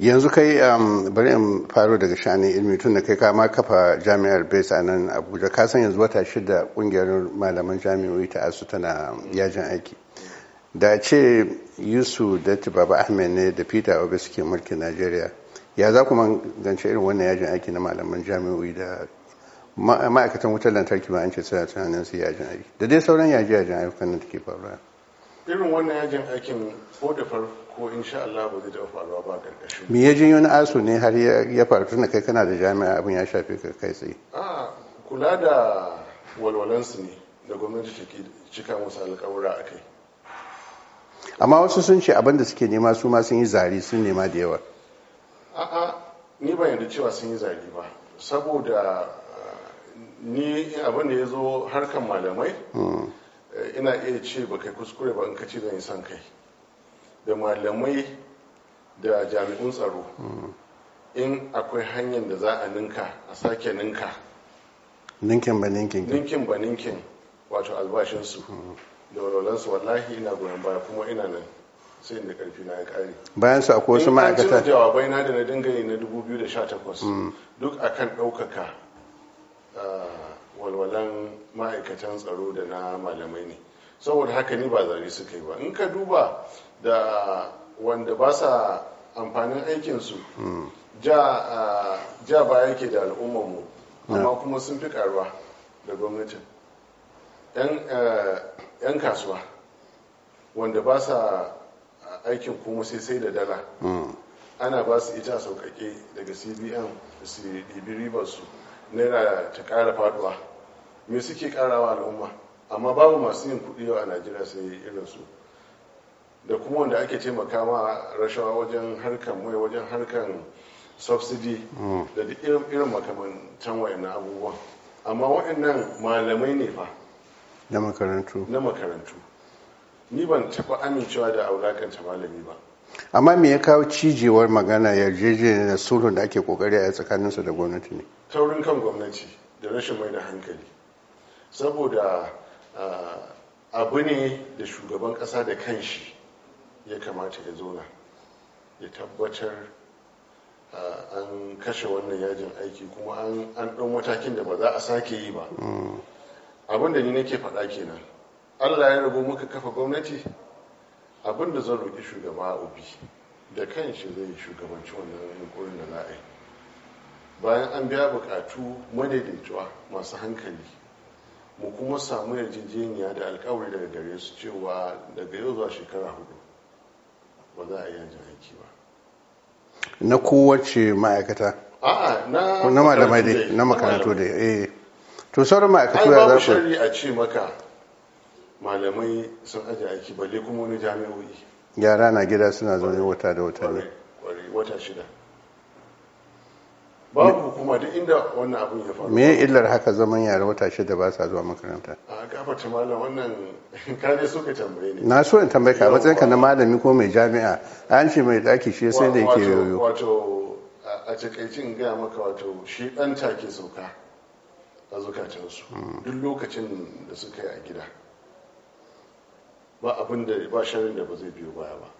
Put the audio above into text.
yanzu kai um, bari in faro daga shani ilmi tun da kai kama kafa jami'ar bes a nan abuja ka san yanzu wata shida kungiyar malaman jami'o'i ta asu tana yajin aiki da ce yusu da baba ahmed ne da peter obi suke mulkin najeriya ya za kuma gance irin wannan yajin aiki na malaman jami'o'i da ma'aikatan wutar lantarki ba an ce suna tunanin su yajin aiki da dai sauran yaji yajin aiki kan da take faruwa irin wannan yajin aikin ko da farko ko insha Allah ba zai taɓa faruwa ba karkashin me ya jin na asu ne har ya faru da kai kana da jami'a abin ya shafe ka kai tsaye a kula da walwalansu ne da gwamnati take cika musu alƙawura a kai amma wasu sun ce abin da suke nema su ma sun yi zari sun nema da yawa a ni ban yarda cewa sun yi zari ba saboda ni abin da ya zo harkar malamai hmm. eh, ina iya ce ba kai kuskure ba in ka ce zan yi son kai da malamai da jami'un tsaro in akwai hanyar da za a ninka a sake ninka ninkin ba ninkin ninkin ba ninkin wato albashinsu da walwalansu wallahi ina goyon baya kuma ina nan sai inda karfi na ya kare bayan su akwai wasu ma'aikata in an jawabai na da na dinga yi na 2018 mm. duk akan ɗaukaka ah, walwalan ma'aikatan tsaro da na malamai ne saboda haka ne ba zare suka yi ba in ka duba da wanda ba sa amfanin aikinsu hmm. ja ba yake da al'ummarmu hmm. amma kuma sun fi karuwa da gwamnatin yan kasuwa wanda ba sa aikin kuma sai sai da dala hmm. ana ba su ita sauƙaƙe daga cbn su ɗibi ribarsu naira ta ƙara faduwa me suke ƙarawa al'umma amma babu masu yin kuɗi a najeriya sai irin su da kuma wanda ake taimaka ma rashawa wajen harkan mai wajen harkan subsidy mm. da irin makamantan wa'in abubuwan amma wa'annan malamai ne fa na makarantu na makarantu ni ban taɓa amincewa da aulakanta malami ba amma me ya kawo cijewar magana yarjejeniyar da sulhun da ake kokari a tsakaninsa da gwamnati ne taurin kan gwamnati da rashin mai da hankali saboda Ah, abu ne da shugaban ƙasa da kanshi ya kamata ya zona ya tabbatar ah, an kashe wannan yajin aiki kuma an ɗan matakin da ba za a sake yi ba mm. abin da ni nake faɗa kenan allah ya rabu muka kafa gwamnati abin da zan roƙi shugaba obi da kanshi zai shugabanci wannan yankurin da za a yi bayan an biya bukatu madaidaituwa masu hankali mu kuma samu yarjejeniya da alkawari daga gare su cewa daga yau zuwa shekara hudu ba za a yi yajin aiki ba na kowace ma'aikata na malamai dai na makarantu dai eh to sauran ma'aikatu ya za ku a ce maka malamai sun aje aiki balle kuma wani jami'o'i yara na gida suna zaune wata da wata ne wata shida babu hukuma duk inda wannan abin ya faru me illar haka zaman yara wata shida ba sa zuwa makaranta a ta malam wannan kare so ka tambaye ne na so in tambaye ka matsayin ka na malami ko mai jami'a an ce mai daki shi sai da yake yoyo wato a takaicin gaya maka wato shi dan take sauka a zukatansu hmm. duk lokacin da suka yi a gida ba abin da ba sharin da ba zai biyo baya ba